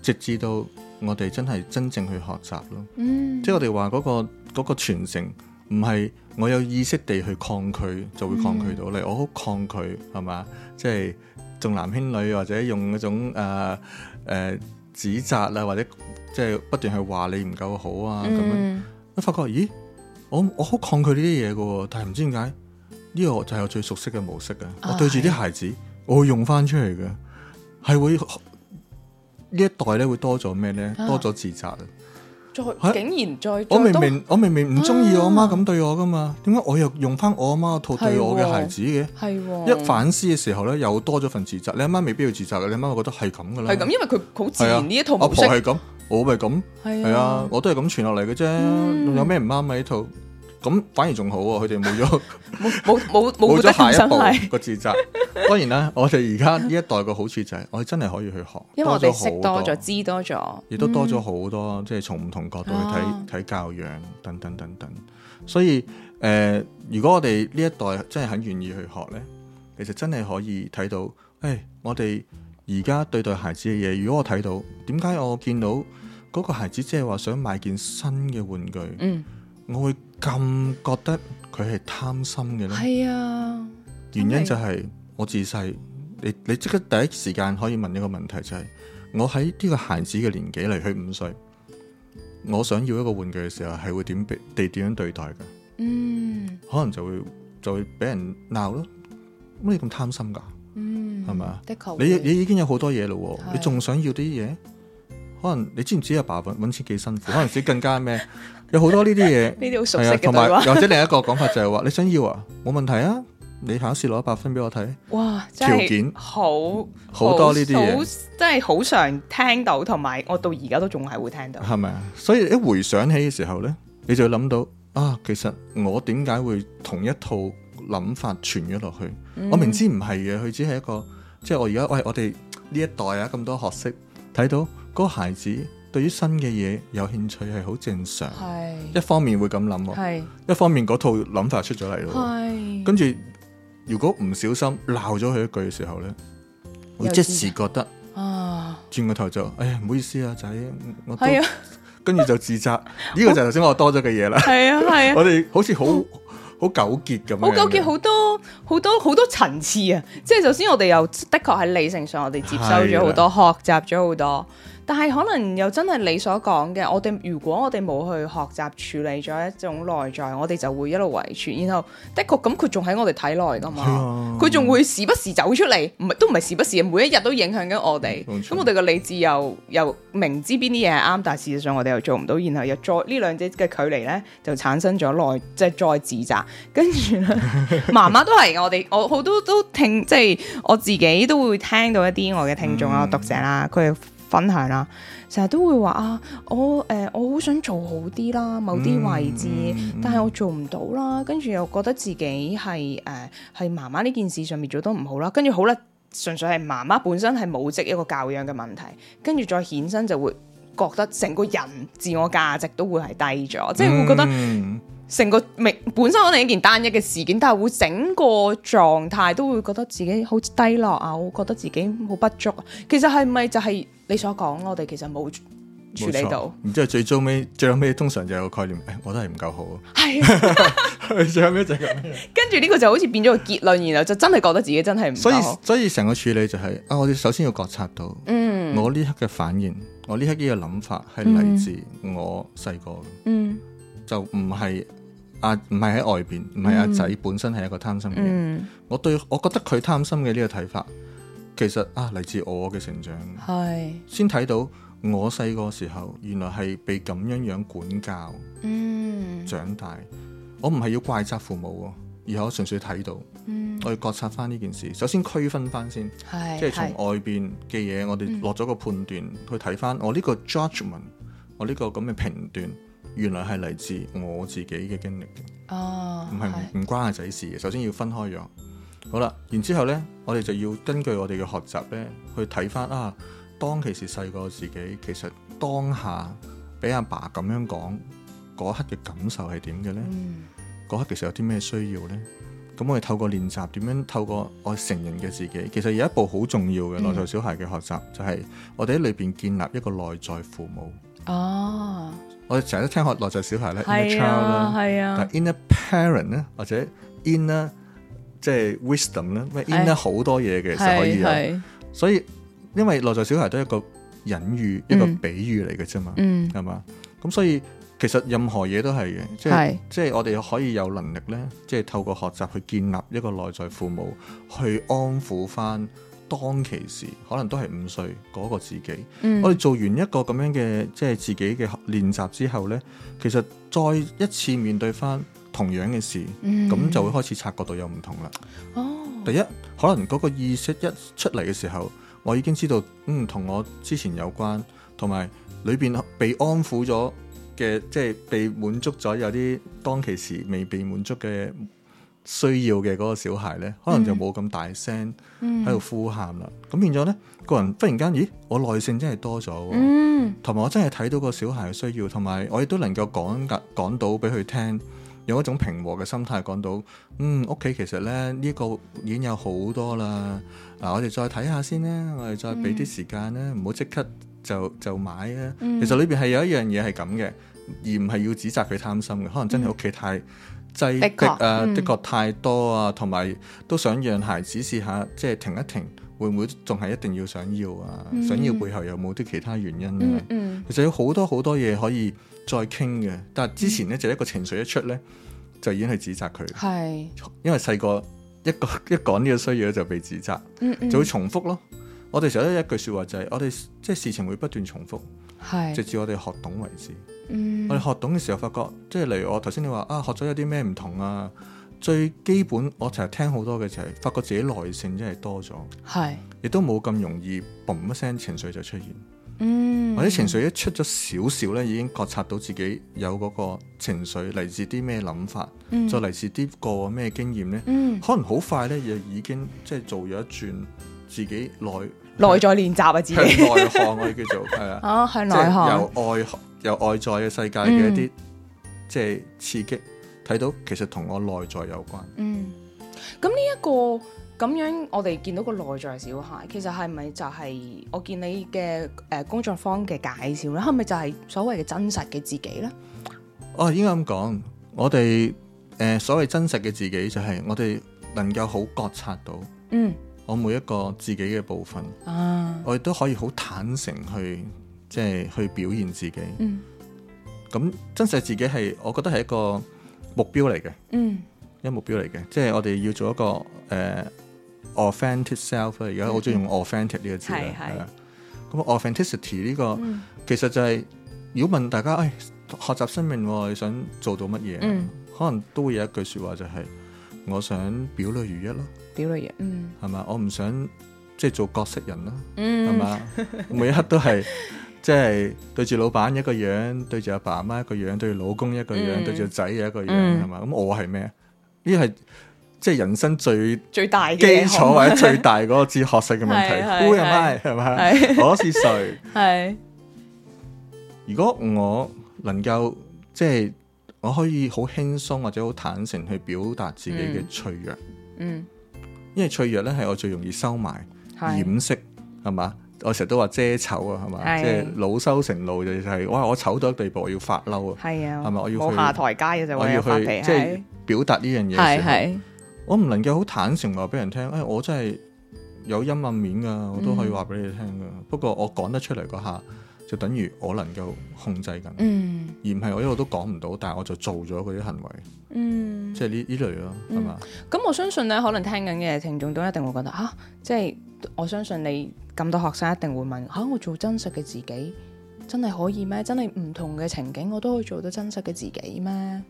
直至到我哋真係真正去學習咯，mm hmm. 即係我哋話嗰個嗰個傳承唔係我有意識地去抗拒就會抗拒到嚟，mm hmm. 我好抗拒係嘛，即係。就是重男輕女，或者用嗰種誒、呃呃、指責啊，或者即係不斷去話你唔夠好啊，咁、嗯、樣我發覺，咦，我我好抗拒呢啲嘢嘅，但係唔知點解呢個就係我最熟悉嘅模式啊。我對住啲孩子，的我會用翻出嚟嘅，係會呢一代咧會多咗咩咧？多咗自責啊！再竟然再，啊、再我明明都我明明唔中意我阿媽咁對我噶嘛，點解我又用翻我阿媽套對我嘅孩子嘅？係、啊啊、一反思嘅時候咧，又多咗份自責。你阿媽未必要自責嘅，你阿媽會覺得係咁噶啦。係咁，因為佢好自然呢、啊、一套模式。阿婆係咁，我咪咁係啊，我都係咁傳落嚟嘅啫。仲、嗯、有咩唔啱啊？呢套。咁反而仲好啊，佢哋冇咗冇冇冇咗下一步個自責。 當然啦，我哋而家呢一代個好處就係，我哋真係可以去學，因為我哋識多咗、多多知多咗，亦、嗯、都多咗好多，即、就、係、是、從唔同角度、啊、去睇睇教養等等等等。所以誒、呃，如果我哋呢一代真係很願意去學呢，其實真係可以睇到，誒、欸，我哋而家對待孩子嘅嘢，如果我睇到點解我見到嗰個孩子即係話想買件新嘅玩具，嗯。我會咁覺得佢係貪心嘅咧？係啊，原因就係我自細、嗯，你你即刻第一時間可以問一個問題，就係、是、我喺呢個孩子嘅年紀嚟，去五歲，我想要一個玩具嘅時候，係會點被哋點樣對待嘅？嗯，可能就會就會俾人鬧咯。咁你咁貪心噶？嗯，係咪吧？的確，你你已經有好多嘢咯，你仲想要啲嘢？的可能你知唔知阿爸搵搵錢幾辛苦？的可能自己更加咩？ 有好多呢啲嘢，呢啲好熟悉同埋或者另一個講法就係話， 你想要啊，冇問題啊，你考試攞一百分俾我睇，哇，條件好好多呢啲嘢，真係好常聽到，同埋我到而家都仲係會聽到，係咪啊？所以一回想起嘅時候咧，你就會諗到啊，其實我點解會同一套諗法傳咗落去？嗯、我明知唔係嘅，佢只係一個，即係我而家喂，我哋呢一代啊咁多學識睇到嗰個孩子。對於新嘅嘢有興趣係好正常，一方面會咁諗，一方面嗰套諗法出咗嚟咯。跟住如果唔小心鬧咗佢一句嘅時候咧，我即時覺得啊，轉個頭就哎呀，唔好意思啊仔，我都跟住就自責，呢個就係頭先我多咗嘅嘢啦。係啊，係啊，我哋好似好好糾結咁樣，好糾結好多好多好多層次啊！即係首先我哋又的確喺理性上，我哋接收咗好多，學習咗好多。但係可能又真係你所講嘅，我哋如果我哋冇去學習處理咗一種內在，我哋就會一路遺傳，然後的確咁佢仲喺我哋體內噶嘛，佢仲 會時不時走出嚟，唔都唔係時不時，每一日都影響緊我哋。咁錯我哋嘅理智又又明知邊啲嘢係啱，但係事實上我哋又做唔到，然後又再呢兩者嘅距離呢，就產生咗內即係再自責，跟住咧， 媽媽都係我哋，我好多都聽，即係我自己都會聽到一啲我嘅聽眾啦、讀 者啦，佢。分享啦、啊，成日都會話啊，我誒、呃、我好想做好啲啦，某啲位置，嗯嗯、但係我做唔到啦，跟住又覺得自己係誒係媽媽呢件事上面做得唔好啦，跟住好啦，純粹係媽媽本身係母職一個教養嘅問題，跟住再衍生就會覺得成個人自我價值都會係低咗，嗯、即係會覺得成個明本身可能一件單一嘅事件，但係會整個狀態都會覺得自己好低落啊，我覺得自己好不足，其實係咪就係、是？你所講，我哋其實冇處理錯到，然之後最終尾，最，最後尾通常就有個概念，誒、欸，我都係唔夠好。係是、啊、 最後尾就 跟住呢個就好似變咗個結論，然後就真係覺得自己真係唔。所以所以成個處理就係、是、啊，我哋首先要覺察到，嗯，我呢刻嘅反應，我呢刻呢個諗法係嚟自我細、嗯啊、個嗯，嗯，就唔係阿唔係喺外邊，唔係阿仔本身係一個貪心嘅，嗯，我對我覺得佢貪心嘅呢個睇法。其實啊，嚟自我嘅成長，是先睇到我細個時候，原來係被咁樣樣管教，嗯、長大我唔係要怪責父母，而係我純粹睇到，嗯、我要覺察翻呢件事，首先區分翻先，是即係從外邊嘅嘢，是我哋落咗個判斷、嗯、去睇翻，我呢個 judgment 我呢個咁嘅評斷，原來係嚟自我自己嘅經歷，唔係唔關阿仔事嘅，首先要分開咗。好啦，然之後咧，我哋就要根據我哋嘅學習咧，去睇翻啊，當其時細個自己其實當下俾阿爸咁樣講嗰刻嘅感受係點嘅咧？嗰、嗯、刻其實有啲咩需要咧？咁我哋透過練習點樣透過我成人嘅自己，其實有一部好重要嘅內在小孩嘅學習，嗯、就係我哋喺裏邊建立一個內在父母。哦，我哋成日都聽學內在小孩咧 inner child 啦、啊，但 inner parent 咧或者 inner。即係 wisdom 咧，咩 inner 好多嘢嘅，其實可以啊。所以因為內在小孩都係一個隱喻，嗯、一個比喻嚟嘅啫嘛，係嘛、嗯。咁所以其實任何嘢都係嘅，即係是即係我哋可以有能力咧，即係透過學習去建立一個內在父母，去安撫翻當其時可能都係五歲嗰個自己。嗯、我哋做完一個咁樣嘅即係自己嘅練習之後咧，其實再一次面對翻。同樣嘅事，咁、嗯、就會開始察覺到有唔同啦。哦，第一，可能嗰個意識一出嚟嘅時候，我已經知道，嗯，同我之前有關，同埋裏邊被安撫咗嘅，即係被滿足咗有啲當其時未被滿足嘅需要嘅嗰個小孩呢，可能就冇咁大聲喺度、嗯、呼喊啦。咁變咗呢，個人忽然間，咦，我耐性真係多咗，嗯，同埋我真係睇到個小孩嘅需要，同埋我亦都能夠講夾講到俾佢聽。用一種平和嘅心態講到，嗯，屋企其實咧呢、這個已經有好多啦，嗱我哋再睇下先咧，我哋再俾啲時間咧，唔好即刻就就買啊。嗯、其實裏邊係有一樣嘢係咁嘅，而唔係要指責佢貪心嘅，可能真係屋企太擠、啊，逼、嗯，確的確太多啊，同埋、嗯、都想讓孩子試下，即、就、係、是、停一停。會唔會仲係一定要想要啊？想要背後有冇啲其他原因呢、啊？嗯嗯嗯、其實有好多好多嘢可以再傾嘅。但係之前呢，嗯、就一個情緒一出呢，就已經去指責佢。係是，因為細個一個一講呢個需要就被指責，嗯嗯、就會重複咯。我哋成日都一句説話就係、是，我哋即係事情會不斷重複，是直至我哋學懂為止。嗯、我哋學懂嘅時候發覺，即係例如我頭先你話啊，學咗有啲咩唔同啊？最基本，我成日聽好多嘅就係、是、發覺自己耐性真係多咗，係是，亦都冇咁容易嘣一聲情緒就出現，嗯，或者情緒一出咗少少咧，已經覺察到自己有嗰個情緒嚟自啲咩諗法，再嚟、嗯、自啲過往咩經驗咧，嗯、可能好快咧又已經即係做咗一轉自己內內在練習啊，自己內 行我哋叫做係啊，啊、 哦、向內有外有外在嘅世界嘅一啲即係刺激。嗯睇到其實同我內在有關。嗯，咁呢一個咁樣，我哋見到個內在小孩，其實係咪就係我見你嘅誒、呃、工作坊嘅介紹咧？係咪就係所謂嘅真實嘅自己咧？哦、啊，應該咁講，我哋誒、呃、所謂真實嘅自己，就係我哋能夠好覺察到，嗯，我每一個自己嘅部分啊，我亦都可以好坦誠去即係、就是、去表現自己。嗯，咁真實自己係，我覺得係一個。目標嚟嘅，嗯、一目標嚟嘅，即係我哋要做一個誒、呃、，authentic self 而家好中意用 authentic 呢、嗯、個字啦。係係是。咁、啊、authenticity 呢、這個，嗯、其實就係如果問大家，誒、哎，學習生命、哦，你想做到乜嘢？嗯、可能都會有一句說話就係、是，我想表裏如一咯。表裏如一嗯。係嘛？我唔想即係、就是、做角色人咯。嗯。係嘛吧？每一刻都係。即係對住老闆一個樣，對住阿爸阿媽一個樣，對住老公一個樣，嗯、對住仔一個樣，係嘛、嗯？咁我係咩？呢個係即係人生最最大嘅基礎基礎 或者最大嗰個哲學性嘅問題，係咪？ 係咪？我是誰？係 是。如果我能夠即係我可以好輕鬆或者好坦誠去表達自己嘅脆弱，嗯，嗯因為脆弱咧係我最容易收埋、掩飾，係嘛？我成日都話遮醜啊，係嘛、係咪？即係老羞成怒就係哇！我醜到一地步，我要發嬲啊，係啊，係咪我要去下台階嘅就我要去，即係表達呢樣嘢。係啊，係啊、我唔能夠好坦誠話俾人聽，誒、哎，我真係有陰暗面噶，我都可以話俾你聽噶。嗯、不過我講得出嚟嗰下。就等於我能夠控制緊，嗯、而唔係我一路都講唔到，但係我就做咗佢啲行為，嗯、即係呢呢類咯，係嘛、嗯？咁吧、嗯、我相信咧，可能聽緊嘅聽眾都一定會覺得嚇、啊，即係我相信你咁多學生一定會問嚇、啊，我做真實嘅自己真係可以咩？真係唔同嘅情景我都可以做到真實嘅自己咩？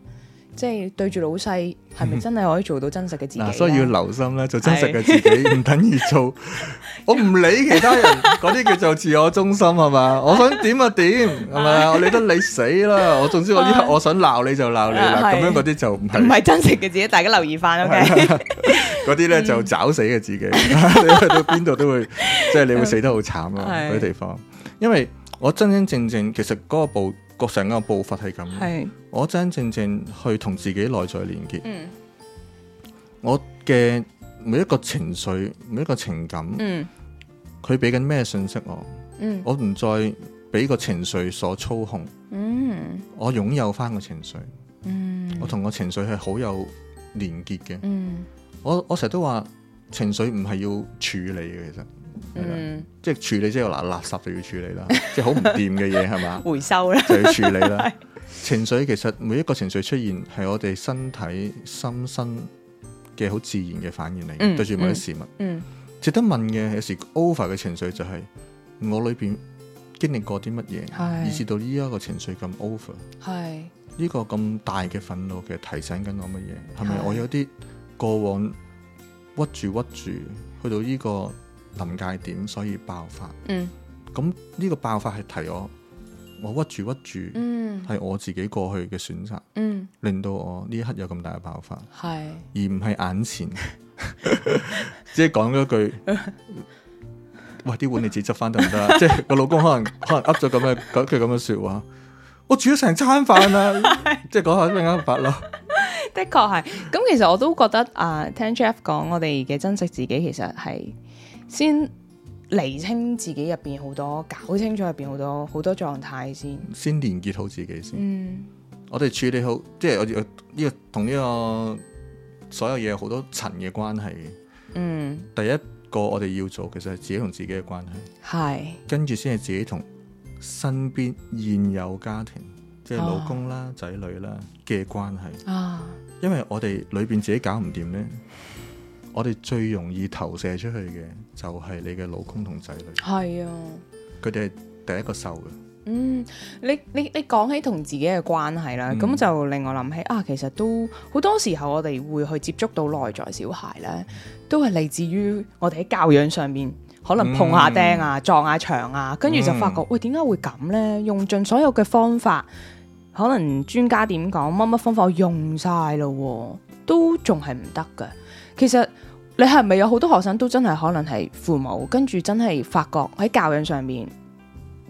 即係對住老細，係咪真係可以做到真實嘅自己？嗱，所以要留心咧，做真實嘅自己，唔等於做我唔理其他人，嗰啲叫做自我中心，係嘛？我想點啊點，係咪？我理得你死啦！我總之我呢刻我想鬧你就鬧你啦，咁樣嗰啲就唔係唔係真實嘅自己，大家留意翻。嗰啲咧就找死嘅自己，你去到邊度都會，即係你會死得好慘咯，嗰啲地方。因為我真真正正其實嗰個部。我成個步伐係咁，是我真真正正去同自己內在連結。嗯、我嘅每一個情緒，每一個情感，佢俾緊咩信息我？嗯、我唔再俾個情緒所操控。嗯、我擁有翻個情緒。嗯、我同個情緒係好有連結嘅、嗯。我我成日都話，情緒唔係要處理嘅，其實。嗯，即係處理即係嗱，垃圾就要處理啦，即係好唔掂嘅嘢，係嘛，回收啦，就要處理啦。情緒其實每一個情緒出現，係我哋身體心身嘅好自然嘅反應嚟嘅對住某啲事物。嗯，值得問嘅有時 over 嘅情緒就係我裏邊經歷過啲乜嘢，以至到呢一個情緒咁 over。係呢個咁大嘅憤怒嘅提醒緊我乜嘢？係咪我有啲過往屈住屈住去到呢個？臨界點，所以爆發。嗯，咁呢個爆發係提我，我屈住屈住，嗯，係我自己過去嘅選擇，嗯，令到我呢一刻有咁大嘅爆發，係是，而唔係眼前。即係講咗一句，喂， 啲碗你自己執翻得唔得？即係個老公可能可能噏咗咁嘅，句咁樣說話，我煮咗成餐飯啊！即係講下啲啱法咯。 的確係，咁其實我都覺得啊、呃，聽 Jeff 講，我哋嘅真實自己其實係。先釐清自己入邊好多，搞清楚入邊好多好多狀態先，先連結好自己先。嗯，我哋處理好，即係我我呢個同呢個所有嘢好多層嘅關係。嗯，第一個我哋要做，其實係自己同自己嘅關係。係，跟住先係自己同身邊現有家庭，啊、即係老公啦、仔女啦嘅關係。啊，因為我哋裏邊自己搞唔掂咧，我哋最容易投射出去嘅。就係你嘅老公同仔女，係啊，佢哋係第一個受嘅。嗯，你你你講起同自己嘅關係啦，咁、嗯、就令我諗起啊，其實都好多時候我哋會去接觸到內在小孩咧，都係嚟自於我哋喺教養上面，可能碰下釘啊、撞下牆啊，跟住、嗯、就發覺喂，點解會咁咧？用盡所有嘅方法，嗯、可能專家點講乜乜方法用晒咯、啊，都仲係唔得㗎。其實。你係咪有好多學生都真係可能係父母，跟住真係發覺喺教養上面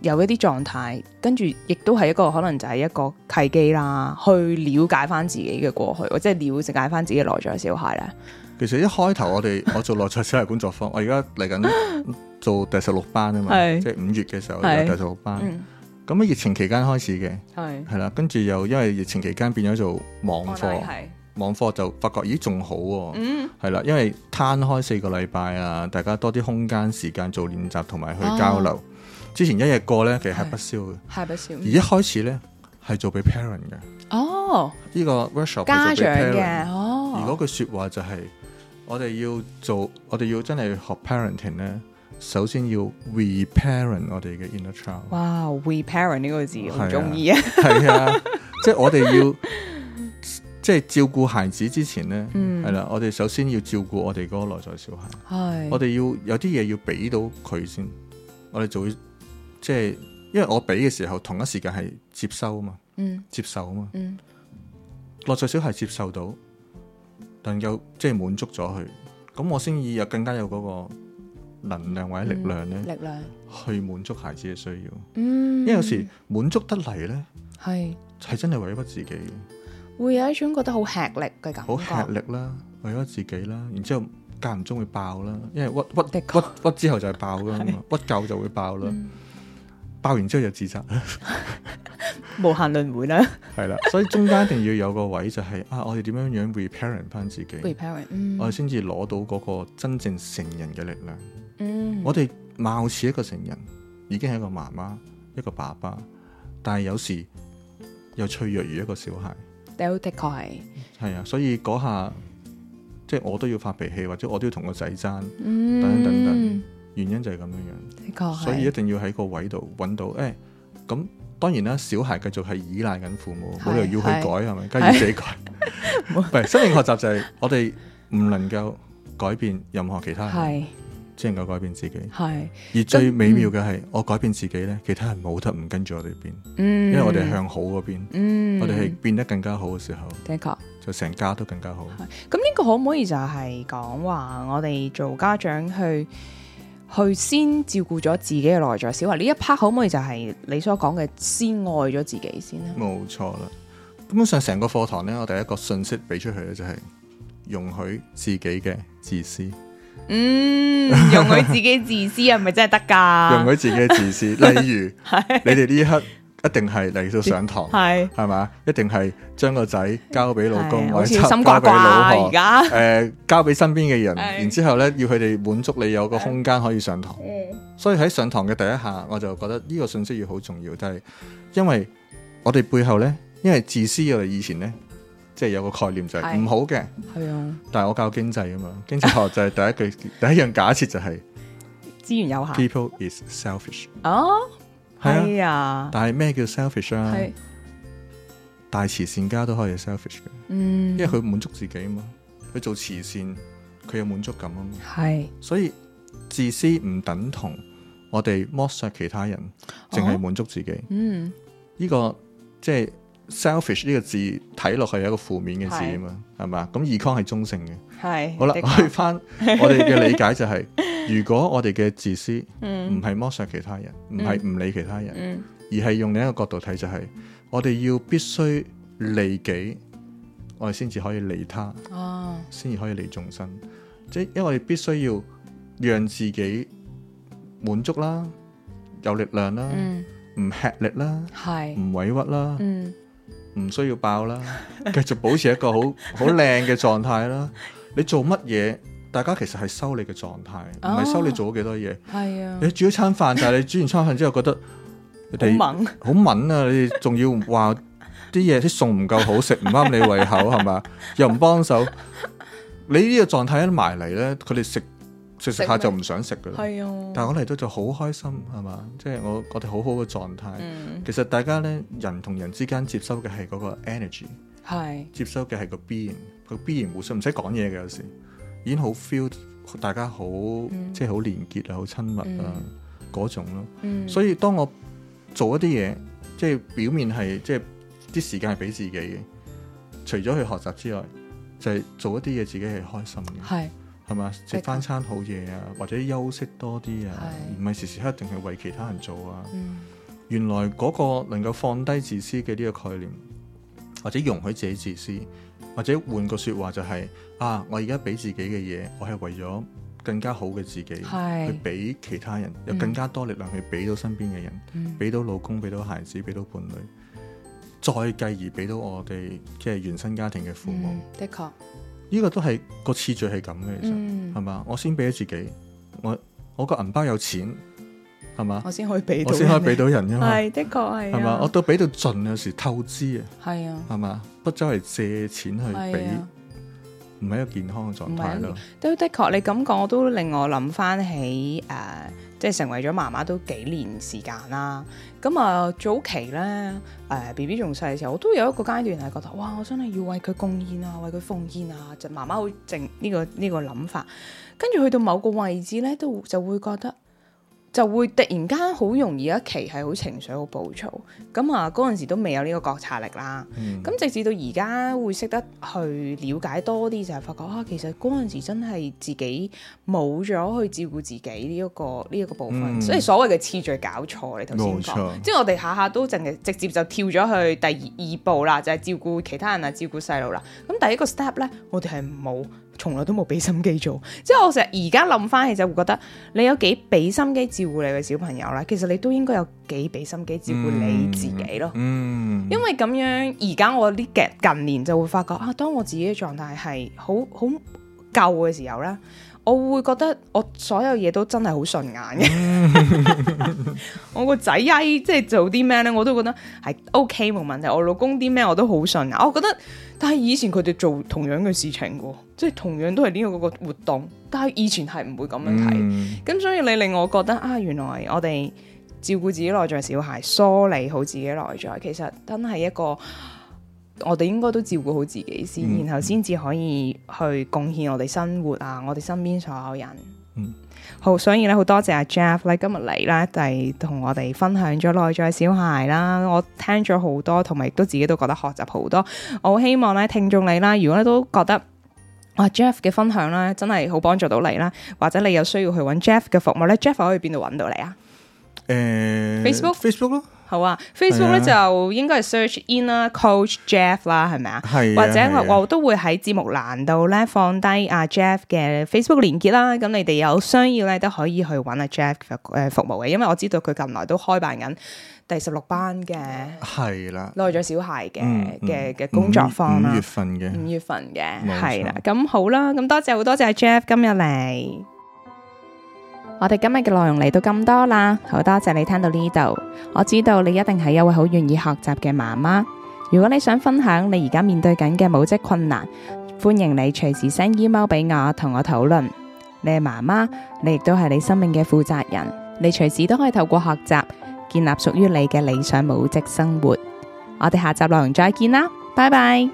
有一啲狀態，跟住亦都係一個可能就係一個契機啦，去了解翻自己嘅過去，或者係了解翻自己內在小孩咧。其實一開頭我哋我做內在小孩工作坊， 我而家嚟緊做第十六班啊嘛， 即係五月嘅時候第十六班。咁喺的疫情期間開始嘅係係啦，跟住又因為疫情期間變咗做網課。網課就發覺、啊，咦仲好喎，係啦，因為攤開四個禮拜啊，大家多啲空間時間做練習同埋去交流。哦、之前一日過咧，其實係不消嘅，係不消。而一開始咧，係做俾 parent 嘅、哦。哦，呢個 workshop 家長嘅哦。如果句說話就係、是，我哋要做，我哋要真係學 parenting 咧，首先要 reparent 我哋嘅 inner child。哇，reparent 呢個字好中意啊！係啊， 即係我哋要。即係照顧孩子之前咧，係啦、嗯，我哋首先要照顧我哋嗰個內在小孩。係，我哋要有啲嘢要俾到佢先，我哋就會即係，因為我俾嘅時候，同一時間係接收啊嘛，嗯，接受啊嘛，嗯，內在小孩接受到，但又即係滿足咗佢，咁我先以有更加有嗰個能量或者力量咧、嗯，力量去滿足孩子嘅需要。嗯，因為有時滿足得嚟咧，係係真係委屈自己。會有一種覺得好吃力嘅感覺，好吃力啦，為咗自己啦，然之後間唔中會爆啦，因為屈屈的屈確 屈之後就係爆噶嘛，是的 屈夠就會爆啦，嗯、爆完之後就自責， 無限輪回啦。係啦，所以中間一定要有個位、就是，就係啊，我哋點樣樣 repair 翻自己，repair， 我哋先至攞到嗰個真正成人嘅力量。嗯，我哋貌似一個成人，已經係一個媽媽，一個爸爸，但係有時又脆弱如一個小孩。的確係，係啊，所以嗰下即係我都要發脾氣，或者我都要同個仔爭、嗯、等等等等，原因就係咁樣樣。的確，所以一定要喺個位度揾到誒。咁、欸、當然啦，小孩繼續係依賴緊父母，冇理由是要去改係咪？家是要自己改，係生命學習就係我哋唔能夠改變任何其他人。只能夠改變自己，係是而最美妙嘅係，嗯、我改變自己咧，其他人冇得唔跟住我哋變，嗯、因為我哋向好嗰邊，嗯、我哋係變得更加好嘅時候，的確、嗯、就成家都更加好。咁呢個可唔可以就係講話我哋做家長去去先照顧咗自己嘅內在小孩？呢一 part 可唔可以就係你所講嘅先愛咗自己先呢？冇錯啦，基本上成個課堂咧，我第一個信息俾出去咧就係容許自己嘅自私。嗯，用佢自己自私係咪 真係得噶？用佢自己自私，例如， 是你哋呢刻一定係嚟到上堂，係係咪啊？一定係將個仔交俾老公或者 交俾老婆，而家誒，交俾身邊嘅人， 是然後之後咧，要佢哋滿足你有個空間可以上堂。 是所以喺上堂嘅第一下，我就覺得呢個信息要好重要，就係、是、因為我哋背後咧，因為自私我哋以前咧。即係有個概念就係唔好嘅，係啊。但係我教經濟啊嘛，經濟學就係第一句 第一樣假設就係資源有限。People is selfish。哦，係啊。哎、呀但係咩叫 selfish 啊？是大慈善家都可以 selfish 嘅，嗯，因為佢滿足自己啊嘛。佢做慈善，佢有滿足感啊嘛。係是，所以自私唔等同我哋剝削其他人，淨係滿足自己。哦、嗯、呢、這個即係。Selfish 呢個字睇落去係一個負面嘅字啊嘛，係嘛？咁二康係中性嘅，係的好啦吧，去返我哋嘅理解就係，是， 如果我哋嘅自私唔係剝削其他人，唔係唔理其他人，嗯嗯、而係用另一個角度睇就係，是，我哋要必須利己，我哋先至可以利他，哦，先至可以利眾生，即係因為我哋必須要讓自己滿足啦，有力量啦，唔、嗯、吃力啦，係唔是委屈啦，嗯。唔需要爆啦，繼續保持一個好好靚嘅狀態啦。你做乜嘢？大家其實係收你嘅狀態，唔係收你做咗幾多嘢。係啊，你煮咗一餐飯，但係你煮完餐飯之後覺得你哋好猛，好猛啊！你仲要話啲嘢啲餸唔夠好食，唔啱你胃口係咪啊？又唔幫手，你呢個狀態一埋嚟咧，佢哋食。食食下就唔想食噶啦，啊、但係我嚟到就好開心，係嘛？即係我我哋好好嘅狀態。嗯、其實大家咧，人同人之間接收嘅係嗰個 energy，是接收嘅係個 being，個 being 互相唔使講嘢嘅有時，已經好 feel 大家好，嗯、即係好連結啊，好親密啊嗰、嗯、種咯。嗯、所以當我做一啲嘢，即係表面係即係啲時間係俾自己嘅，除咗去學習之外，就係、是、做一啲嘢自己係開心嘅。食翻餐好嘢啊，或者休息多啲啊，唔係是時時刻一定係為其他人做啊。嗯、原來嗰個能夠放低自私嘅呢個概念，或者容許自己自私，或者換個說話就係、是嗯、啊，我而家俾自己嘅嘢，我係為咗更加好嘅自己是去俾其他人，有更加多力量去俾到身邊嘅人，俾、嗯、到老公，俾到孩子，俾到伴侶，再繼而俾到我哋即係原生家庭嘅父母。嗯、的確。呢個都係個次序係咁嘅，其實係嘛、嗯？我先俾咗自己，我我個銀包有錢，係嘛？我先可以俾到，我先可以俾到人啊嘛、 嗯吧。係的確係，係嘛？我都俾到盡，有時透支是啊，係啊，係嘛？不周係借錢去俾，唔係是、啊、一個健康嘅狀態咯。啦 都的確，你咁講，我都令我諗翻起誒，即係成為咗媽媽都幾年時間啦。咁啊、嗯，早期咧，誒 B B 仲細嘅時候，我都有一個階段係覺得，哇！我真係要為佢貢獻啊，為佢奉獻啊，就媽媽好正呢個呢個諗法。跟住去到某個位置咧，都就會覺得。就會突然間好容易一期係好情緒好暴躁，咁啊嗰陣時都未有呢個覺察力啦。咁、嗯、直至到而家會識得去了解多啲，就係發覺啊，其實嗰陣時真係自己冇咗去照顧自己呢一個呢一個部分，嗯、所以所謂嘅次序搞錯，你頭先講，冇錯即係我哋下下都淨係直接就跳咗去第二步啦，就係、是、照顧其他人啊，照顧細路啦。咁第一個 step 呢，我哋係冇。從來都冇俾心機做，即係我成日而家諗翻起就會覺得，你有幾俾心機照顧你嘅小朋友啦，其實你都應該有幾俾心機照顧你自己咯。嗯，嗯因為咁樣而家我呢近近年就會發覺啊，當我自己嘅狀態係好好夠嘅時候咧，我會覺得我所有嘢都真係好順眼嘅。 嗯、 我個仔即係做啲咩咧，我都覺得係 OK 冇問題。我老公啲咩我都好順眼，我覺得。但係以前佢哋做同樣嘅事情嘅，即係同樣都係呢個嗰個活動。但係以前係唔會咁樣睇，咁、嗯、所以你令我覺得啊，原來我哋照顧自己內在嘅小孩，梳理好自己內在，其實真係一個我哋應該都照顧好自己先，嗯、然後先至可以去貢獻我哋生活啊，我哋身邊所有人。嗯好，所以咧，好多謝阿 Jeff 咧今日嚟咧，就係同我哋分享咗內在小孩啦。我聽咗好多，同埋都自己都覺得學習好多。我希望咧，聽眾你啦，如果你都覺得啊 Jeff 嘅分享咧真係好幫助到你啦，或者你有需要去揾 Jeff 嘅服務咧，Jeff 可以邊度揾到你啊？Facebook，Facebook 咯。欸 Facebook 好啊，Facebook 咧、啊、就應該係 search in 啦，Coach Jeff 啦，係咪啊？係。或者我、啊、我都會喺節目欄度咧放低阿、啊、Jeff 嘅 Facebook 連結啦。咁你哋有需要咧都可以去揾阿、啊、Jeff 嘅服務嘅，因為我知道佢近來都開辦緊第十六班嘅，係啦、啊，內在小孩嘅嘅嘅工作坊啦五、嗯嗯、月份嘅，五月份嘅，係啦錯。咁、啊、好啦、啊，咁多謝好多謝阿、啊、Jeff 今日嚟。我哋今日嘅內容嚟到咁多啦，好多謝你聽到呢度。我知道你一定係一位好願意學習嘅媽媽。如果你想分享你而家面對緊嘅母職困難，歡迎你隨時 send email 俾我，同我討論。你係媽媽，你亦都係你生命嘅負責人。你隨時都可以透過學習建立屬於你嘅理想母職生活。我哋下集內容再見啦，拜拜。